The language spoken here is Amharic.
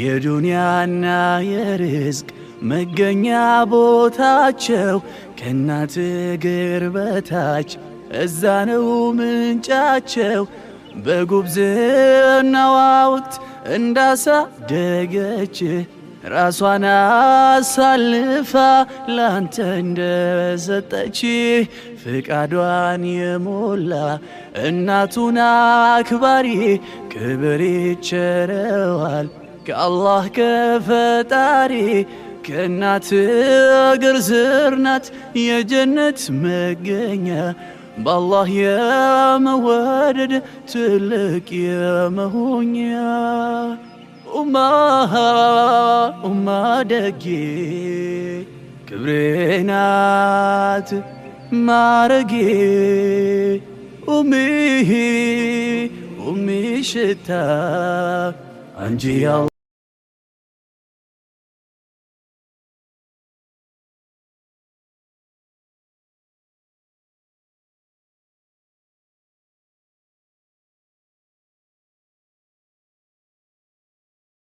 የዱንያና የርዝቅ መገኛ ቦታቸው ከእናት እግር በታች እዛ ነው ምንጫቸው። በጉብዝናዋ ወቅት እንዳሳደገች ራሷን አሳልፋ ላንተ እንደሰጠች ፍቃዷን የሞላ እናቱን አክባሪ ክብር ይቸረዋል። ከአላህ ከፈጣሪ ከእናት እግር ስር ናት የጀነት መገኛ በአላህ የመወደድ ትልቅ የመሆኛ ኡማ ኡማ ደጌ ክብሬ ናት ማረጌ ኡሚሂ ኡሚ ሽታ አንጂ